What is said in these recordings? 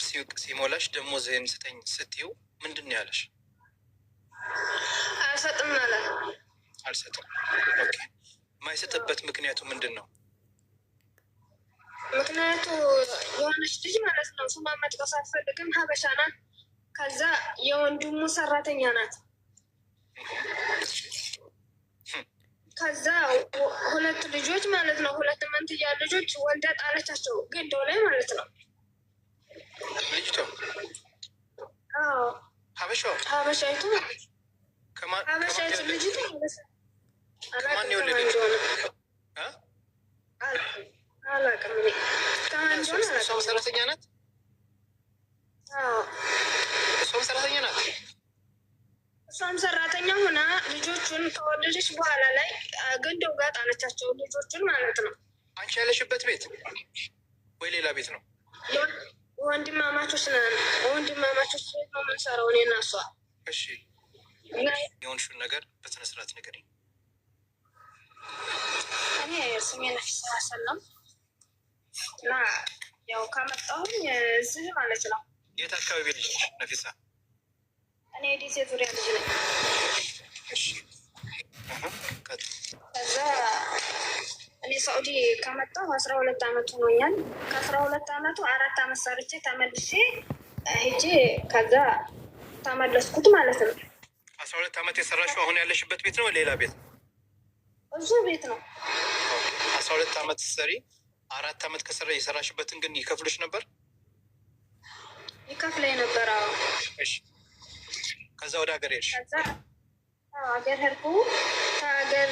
ወር ሲሞላሽ ደግሞ ዘይን ስጠኝ ስትዩ ምንድን ነው ያለሽ? አልሰጥም አለ። አልሰጥም። ማይሰጥበት ምክንያቱ ምንድን ነው? ምክንያቱ የሆነች ልጅ ማለት ነው ስሟን መጥቀስ አልፈልግም፣ ሀበሻ ናት። ከዛ የወንድሙ ሰራተኛ ናት። ከዛ ሁለት ልጆች ማለት ነው ሁለት መንትያ ልጆች ወልዳ ጣለቻቸው ገንዳው ላይ ማለት ነው። እሷም ሰራተኛ ናት። እሷም ሰራተኛ ናት። እሷም ሰራተኛ ሆና ልጆቹን ከወለደች በኋላ ላይ ገንደው ጋር ጣለቻቸው። ልጆቹን ማለት ነው። አንቺ ያለሽበት ቤት ወይ ሌላ ቤት ነው? ወንድማማቾች ነን። ወንድማማቾች ነው የምንሰራው እኔ እና እሷ። እሺ የሆንሽውን ነገር በስነ ስርዓት ንገሪኝ። እኔ ስሜ ነፊሳ ሰላም እና ያው ከመጣሁኝ እዚህ ማለት ነው። የት አካባቢ ልጅ ነፊሳ? እኔ ዲሴ ዙሪያ ልጅ ነኝ። ከዛ እኔ ሳኡዲ ከመጣሁ አስራ ሁለት አመት ሆኖኛል። ከአስራ ሁለት አመቱ አራት አመት ሰርቼ ተመልሼ ሄጄ ከዛ ተመለስኩት ማለት ነው። አስራ ሁለት አመት የሰራሽው አሁን ያለሽበት ቤት ነው ሌላ ቤት ነው? እዙ ቤት ነው። አስራ ሁለት አመት ሰሪ አራት አመት ከሰራ የሰራሽበትን ግን ይከፍሉሽ ነበር? ይከፍለኝ ነበር። ከዛ ወደ ሀገር ሄድሽ? ሀገር ህርኩ ከሀገር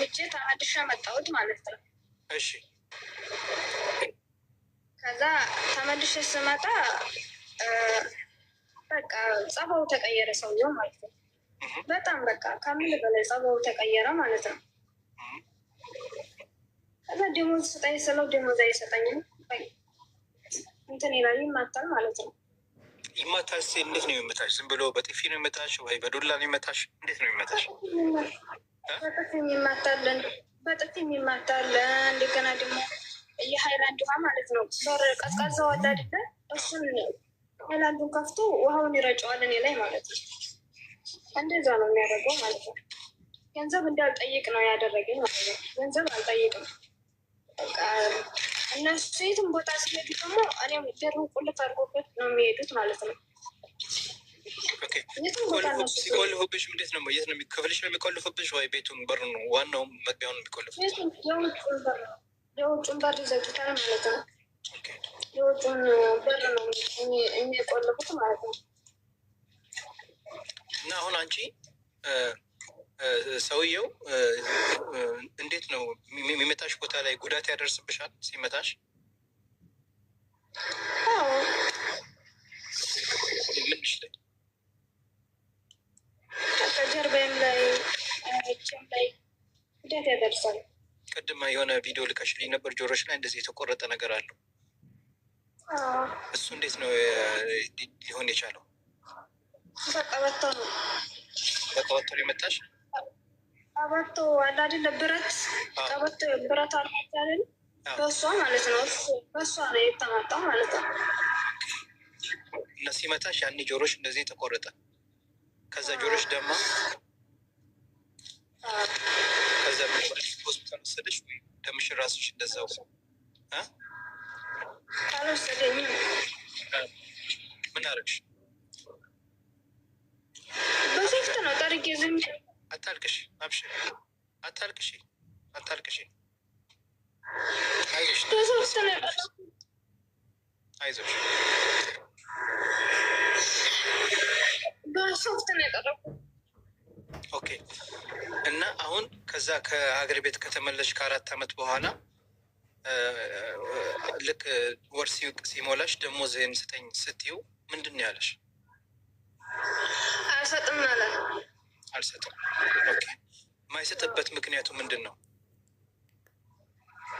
ሄጄ ተመልሼ መጣሁት ማለት ነው። እሺ ከዛ ተመልሼ ስመጣ በቃ ጸባው ተቀየረ ሰውየው ማለት ነው። በጣም በቃ ከምን በላይ ጸባው ተቀየረ ማለት ነው። ከዛ ደሞዝ ስጠኝ ስለው ደሞዝ አይሰጠኝም እንትን ይላል ይማታል ማለት ነው። ይማታስ እንዴት ነው የሚመታሽ? ዝም ብሎ በጥፊ ነው የሚመታሽ ወይ በዱላ ነው የሚመታሽ? እንዴት ነው የሚመታሽ? በጥፊ የሚማታለን በጥፊ የሚማታለን። እንደገና ደግሞ የሀይላንድ ውሃ ማለት ነው በር ቀዝቃዛ ወጣ አይደለ? እሱን ሀይላንዱን ከፍቶ ውሃውን ይረጨዋል እኔ ላይ ማለት ነው። እንደዛ ነው የሚያደርገው ማለት ነው። ገንዘብ እንዳልጠይቅ ነው ያደረገኝ ማለት ነው። ገንዘብ አልጠይቅም እነሱ የትም ቦታ ሲሄዱ ደግሞ እኔም ደሩ ቁልፍ አድርጎበት ነው የሚሄዱት ማለት ነው። ሲቆልፉብሽ እንዴት ነው? የት ነው ክፍልሽ ነው የሚቆልፉብሽ ወይ ቤቱን በር ነው ዋናው መግቢያው ነው የሚቆልፉ? የውጭን በር ይዘጉታል ማለት ነው። የውጭን በር ነው የሚቆልፉት ማለት ነው። እና አሁን አንቺ ሰውየው እንዴት ነው የሚመታሽ? ቦታ ላይ ጉዳት ያደርስብሻል ሲመታሽ? ከጀርባም ላይ ላይ ጉዳት ያደርሳል። ቅድማ የሆነ ቪዲዮ ልካሽልኝ ነበር። ጆሮች ላይ እንደዚህ የተቆረጠ ነገር አለው። እሱ እንዴት ነው ሊሆን የቻለው? በቃ ወጥቶ ነው። በቃ ወጥቶ የመጣሽ ቀበቶ አለ አይደለ? ብረት ቀበቶ ብረት አለ በእሷ ማለት ነው። በእሷ ነው የተመጣው ማለት ነው። እና ሲመታሽ ያኔ ጆሮሽ እንደዚህ ተቆረጠ። ከዛ ጆሮሽ ደማ። ከዛ ሆስፒታል ወሰደች ወይ ደምሽ ራስሽ እንደዛው አልወሰደኝም። ምን አረግሽ? በሴፍት ነው ጠርጌ ዝም አታልቅሽ፣ አብሽር፣ አታልቅሽ፣ አታልቅሽ። አይዞሽ ኦኬ እና አሁን ከዛ ከሀገር ቤት ከተመለሽ ከአራት አመት በኋላ ልክ ወር ሲሞላሽ ደሞዝህን ስጠኝ ስትዩ ምንድን ነው ያለሽ? አልሰጥም። የማይሰጥበት ምክንያቱ ምንድን ነው?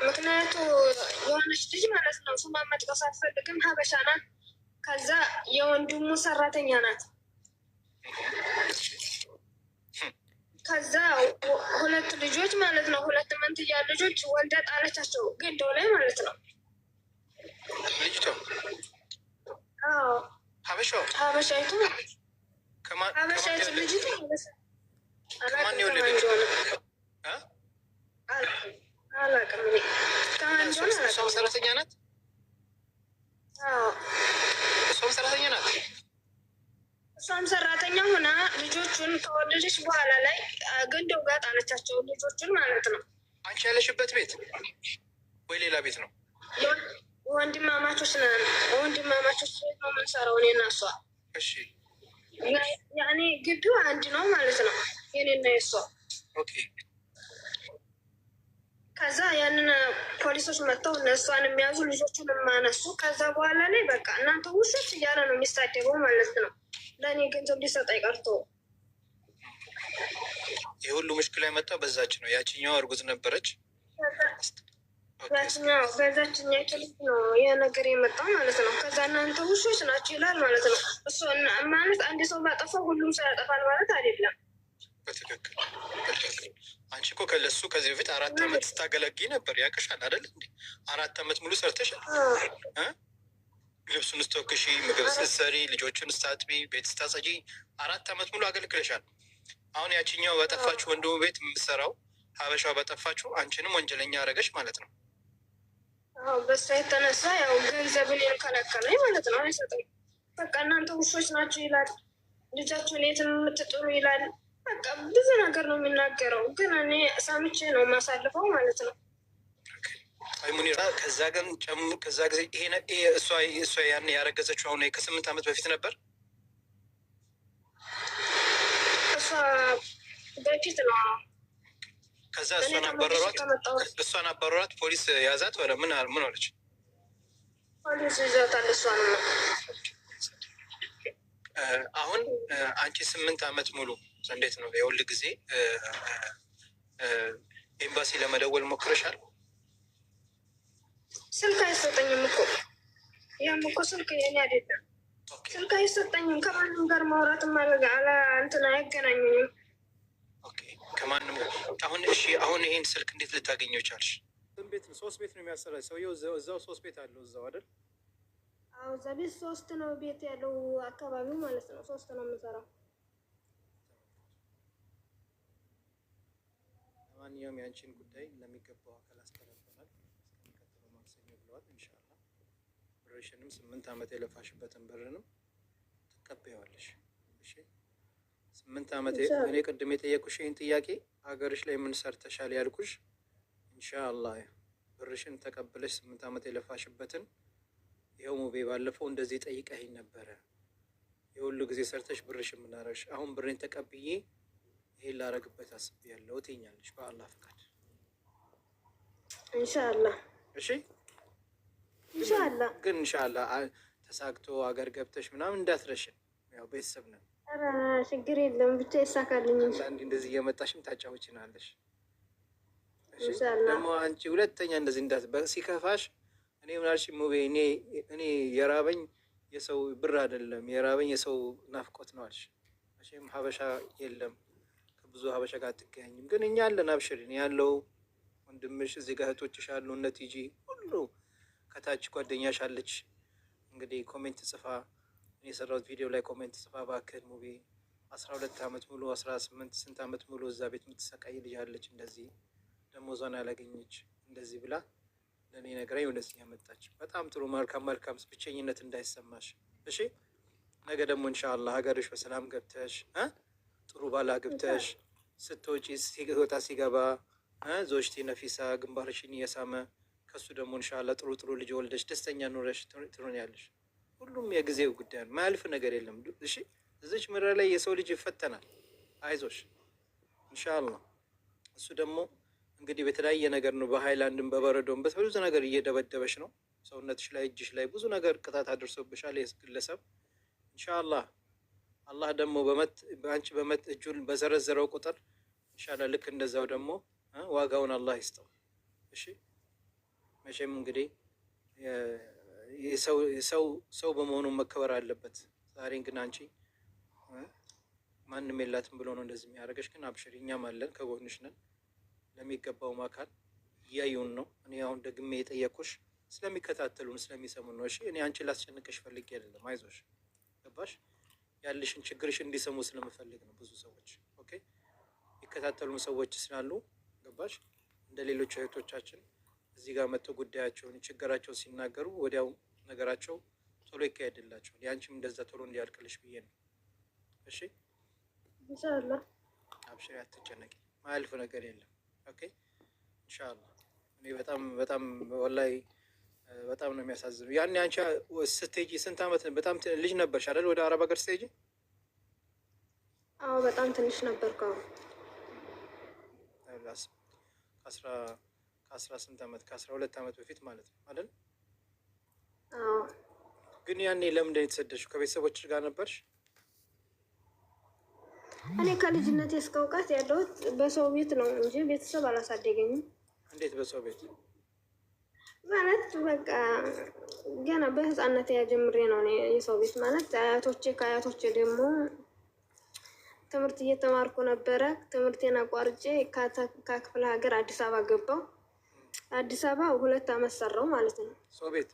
ምክንያቱ የሆነች ልጅ ማለት ነው ስሟ መጥቀስ አልፈልግም፣ ሀበሻ ናት። ከዛ የወንድሙ ሰራተኛ ናት። ከዛ ሁለት ልጆች ማለት ነው ሁለት መንትያ ልጆች ወልዳ ጣለቻቸው፣ ገንዶ ላይ ማለት ነው። ልጅቷ ሀበሻ ሀበሻይቱ ሀበሻይቱ ልጅቷ ማለት ነው እሷም ሰራተኛ ናት። እሷም ሰራተኛ ናት። እሷም ሰራተኛ ሆና ልጆቹን ከወለደች በኋላ ላይ ገንደው ጋር ጣለቻቸው። ልጆቹን ማለት ነው። አንቺ ያለሽበት ቤት ወይ ሌላ ቤት ነው? ወንድማማቾች ነን። ወንድማማቾች ቤት ነው የምንሰራው እኔ እና እሷ። ያኔ ግቢው አንድ ነው ማለት ነው። የኔና የሷ ከዛ ያንን ፖሊሶች መጥተው እነሷን የሚያዙ ልጆቹን የማነሱ ከዛ በኋላ ላይ በቃ እናንተ ውሾች እያለ ነው የሚሳደበው ማለት ነው። ለእኔ ገንዘብ ሊሰጥ አይቀርቶ የሁሉ ምሽክል ሙሽክላ የመጣ በዛች ነው። ያችኛው እርጉዝ ነበረች። ያችኛው በዛችኛ ክልት ነው ይህ ነገር የመጣው ማለት ነው። ከዛ እናንተ ውሾች ናቸው ይላል ማለት ነው። እሱ ማለት አንድ ሰው ባጠፋው ሁሉም ሰው ያጠፋል ማለት አይደለም። በትክክል አንቺ እኮ ከለሱ ከዚህ በፊት አራት አመት ስታገለግ ነበር። ያቅሻል አደል እንዴ? አራት ዓመት ሙሉ ሰርተሻል። ልብሱን ስተወክሺ፣ ምግብ ስትሰሪ፣ ልጆቹን ስታጥቢ፣ ቤት ስታጸጂ አራት ዓመት ሙሉ አገልግለሻል። አሁን ያችኛው በጠፋችሁ ወንድሙ ቤት የምትሰራው ሀበሻው በጠፋችሁ አንቺንም ወንጀለኛ አረገሽ ማለት ነው። በሷ የተነሳ ያው ገንዘብን የከለከለኝ ማለት ነው። አይሰጠኝ በቃ እናንተ ውሾች ናቸው ይላል። ልጃቸውን የት የምትጥሩ ይላል በቃ ብዙ ነገር ነው የሚናገረው፣ ግን እኔ ሰምቼ ነው የማሳልፈው ማለት ነው። ሙኒራ ከዛ ግን ጨሙ ከዛ ጊዜ ይሄ እሷ ያን ያረገዘችው አሁን ከስምንት ዓመት በፊት ነበር። እሷ በፊት ነው ከዛ እሷን አባረሯት። እሷን አባረሯት። ፖሊስ ያዛት። ምን ምን አለች? ፖሊስ ይዛታል እሷን አንቺ ስምንት አመት ሙሉ እንዴት ነው የሁል ጊዜ ኤምባሲ ለመደወል ሞክረሻል? ስልክ አይሰጠኝም እኮ ያም እኮ ስልክ የኔ አይደለም። ስልክ አይሰጠኝም። ከማንም ጋር ማውራት ማድረግ አለ እንትን አያገናኙኝም። ከማንም አሁን እሺ፣ አሁን ይሄን ስልክ እንዴት ልታገኘው ቻልሽ? ቤት ነው ሶስት ቤት ነው የሚያሰራ ሰውየው እዛው ሶስት ቤት አለው እዛው አይደል አዎ እዛ ቤት ሶስት ነው ቤት ያለው አካባቢው ማለት ነው። ሶስት ነው የምሰራው። ለማንኛውም የአንቺን ጉዳይ ለሚገባው አካል አስተላልፈናል። እስከሚቀጥለው ማክሰኞ ብለዋል። እንሻላ ብርሽንም ስምንት ዓመት የለፋሽበትን ብርንም ትቀበያዋለሽ። እሺ ስምንት ዓመት እኔ ቅድም የጠየቁሽ ይህን ጥያቄ ሀገርሽ ላይ ምን ሰርተሻል ያልኩሽ፣ ኢንሻአላህ ብርሽን ተቀብለሽ ስምንት ዓመት የለፋሽበትን ይኸው ሙቤ ባለፈው እንደዚህ ጠይቀኸኝ ነበረ። የሁሉ ጊዜ ሰርተሽ ብርሽ የምናረግሽ አሁን ብሬን ተቀብዬ ይሄን ላረግበት አስቤያለሁ ትይኛለሽ፣ በአላህ ፈቃድ ኢንሻአላህ። እሺ ኢንሻአላህ። ግን እንሻላ ተሳክቶ አገር ገብተሽ ምናምን እንዳትረሽን፣ ያው ቤተሰብ ነው። ችግር የለም ብቻ ይሳካልኝ። አንዳንዴ እንደዚህ እየመጣሽም ታጫውችናለሽ። ደግሞ አንቺ ሁለተኛ እንደዚህ እንዳት ሲከፋሽ እኔ ምናልሽ ሙቤ እኔ እኔ የራበኝ የሰው ብር አይደለም የራበኝ የሰው ናፍቆት ነው አልሽ። መቼም ሀበሻ የለም ከብዙ ሀበሻ ጋር አትገናኝም፣ ግን እኛ አለን። አብሽር እኔ ያለው ወንድምሽ እዚህ ጋር እህቶችሽ አሉ፣ እነ ቲጂ ሁሉ ከታች ጓደኛሽ አለች። እንግዲህ ኮሜንት ጽፋ እኔ የሰራሁት ቪዲዮ ላይ ኮሜንት ጽፋ እባክህን ሙቤ አስራ ሁለት አመት ሙሉ አስራ ስምንት ስንት አመት ሙሉ እዛ ቤት የምትሰቃይ ልጅ አለች እንደዚህ ደሞዟን ያላገኘች እንደዚህ ብላ ለእኔ ነገረኝ። ወደዚህ ያመጣች በጣም ጥሩ መልካም መልካም። ብቸኝነት እንዳይሰማሽ እሺ። ነገ ደግሞ እንሻላ ሀገርሽ በሰላም ገብተሽ ጥሩ ባላ ገብተሽ ስትወጪ ወጣ ሲገባ ዞሽቲ ነፊሳ ግንባርሽን እየሳመ ከሱ ደግሞ እንሻላ ጥሩ ጥሩ ልጅ ወልደሽ ደስተኛ ኑረሽ ያለሽ ሁሉም የጊዜው ጉዳይ ነው፣ ማያልፍ ነገር የለም። እሺ እዚች ምድር ላይ የሰው ልጅ ይፈተናል። አይዞሽ እንሻላ እሱ ደግሞ እንግዲህ በተለያየ ነገር ነው። በሀይላንድም በበረዶም በብዙ ነገር እየደበደበች ነው። ሰውነትሽ ላይ እጅሽ ላይ ብዙ ነገር ቅጣት አድርሶብሻል። ይህ ግለሰብ እንሻላ አላህ ደግሞ በመት በአንቺ በመት እጁን በዘረዘረው ቁጥር እንሻላ ልክ እንደዛው ደግሞ ዋጋውን አላህ ይስጠው። እሺ መቼም እንግዲህ ሰው ሰው በመሆኑ መከበር አለበት። ዛሬን ግን አንቺ ማንም የላትም ብሎ ነው እንደዚህ የሚያደርገሽ። ግን አብሽር፣ እኛም አለን ከጎንሽ ነን። ለሚገባውም አካል እያዩን ነው። እኔ አሁን ደግሜ የጠየኩሽ ስለሚከታተሉን ስለሚሰሙን ነው። እሺ እኔ አንቺ ላስጨንቀሽ ፈልጌ አይደለም። አይዞሽ፣ ገባሽ? ያለሽን ችግርሽ እንዲሰሙ ስለምፈልግ ነው። ብዙ ሰዎች ኦኬ፣ የሚከታተሉን ሰዎች ስላሉ ገባሽ? እንደ ሌሎች እህቶቻችን እዚህ ጋር መጥተው ጉዳያቸውን ችግራቸውን ሲናገሩ ወዲያው ነገራቸው ቶሎ ይካሄድላቸዋል። የአንቺም እንደዛ ቶሎ እንዲያልቅልሽ ብዬ ነው። እሺ፣ አብሽሪ፣ አትጨነቂ። ማያልፍ ነገር የለም። ኦኬ እኔ በጣም በጣም በጣም ነው የሚያሳዝነው። ያኔ አንቺ ስትሄጂ ስንት ዓመት በጣም ልጅ ነበርሽ አይደል? ወደ አረብ ሀገር ስትሄጂ? አዎ በጣም ትንሽ ነበርኩ። ከአስራ ስንት ዓመት ከአስራ ሁለት ዓመት በፊት ማለት ነው አይደል? ግን ያኔ ለምንድን የተሰደድሽው? ከቤተሰቦች ጋር ነበርሽ? እኔ ከልጅነት እስከ እውቀት ያለሁት በሰው ቤት ነው እንጂ ቤተሰብ አላሳደገኝም። እንዴት በሰው ቤት ማለት በቃ ገና በህፃነት ያጀምሬ ነው የሰው ቤት ማለት አያቶቼ ከአያቶቼ ደግሞ ትምህርት እየተማርኩ ነበረ። ትምህርቴን አቋርጬ ከክፍለ ሀገር አዲስ አበባ ገባው። አዲስ አበባ ሁለት አመት ሰራው ማለት ነው ሰው ቤት።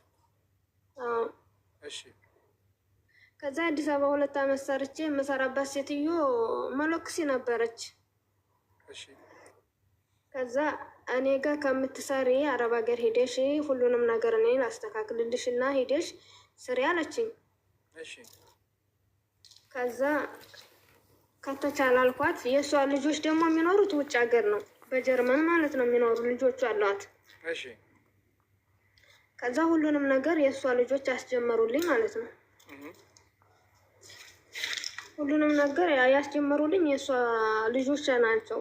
እሺ ከዛ አዲስ አበባ ሁለት አመት ሰርቼ የምሰራባት ሴትዮ መሎክሲ ነበረች። ከዛ እኔ ጋር ከምትሰሪ አረብ ሀገር ሄደሽ ሁሉንም ነገር እኔ ላስተካክልልሽ እና ሄደሽ ስሪ አለችኝ። ከዛ ከተቻለ አልኳት። የእሷ ልጆች ደግሞ የሚኖሩት ውጭ ሀገር ነው፣ በጀርመን ማለት ነው የሚኖሩ ልጆቹ አለዋት። ከዛ ሁሉንም ነገር የእሷ ልጆች አስጀመሩልኝ ማለት ነው። ሁሉንም ነገር ያስጀመሩልኝ የእሷ ልጆች ናቸው፣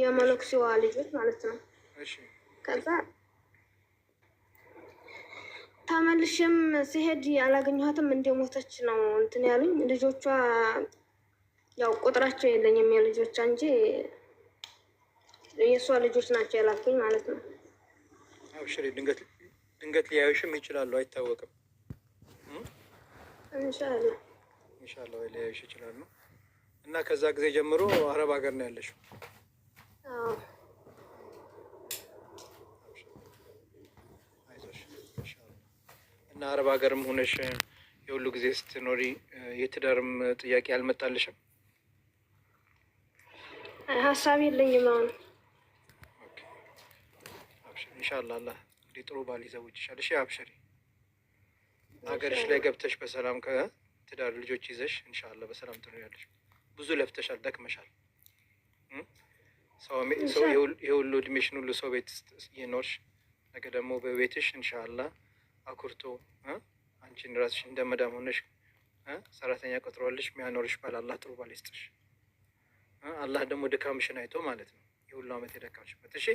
የመለክሲዋ ልጆች ማለት ነው። ከዛ ተመልሼም ሲሄድ አላገኘኋትም እንደሞተች ነው እንትን ያሉኝ ልጆቿ። ያው ቁጥራቸው የለኝም የልጆቿ እንጂ የእሷ ልጆች ናቸው ያላኩኝ ማለት ነው። አብሽሪ፣ ድንገት ሊያዩሽም ይችላሉ፣ አይታወቅም። እንሻላ ኢንሻላ ወይ ሊያዩሽ ይችላሉ። እና ከዛ ጊዜ ጀምሮ አረብ ሀገር ነው ያለሽው? እና አረብ ሀገርም ሆነሽ የሁሉ ጊዜ ስትኖሪ የትዳርም ጥያቄ አልመጣልሽም? ሀሳብ የለኝም አሁን። ኢንሻላ አላህ እንግዲህ ጥሩ ባል ይዘውጅሻል። እሺ አብሽሪ። ሀገርሽ ላይ ገብተሽ በሰላም ከ ትዳር ልጆች ይዘሽ እንሻላ በሰላም ትኖሪያለሽ። ብዙ ለፍተሻል፣ ደክመሻል። ሰው የሁሉ እድሜሽን ሁሉ ሰው ቤት እየኖርሽ ነገ ደግሞ በቤትሽ እንሻላ አኩርቶ አንቺን ራስሽ እንደ መዳም ሆነሽ ሰራተኛ ቀጥሮልሽ ሚያኖርሽ ባል አላህ ጥሩ ባል ይስጥሽ። አላህ ደግሞ ድካምሽን አይቶ ማለት ነው የሁሉ አመት የደካምሽበት እሺ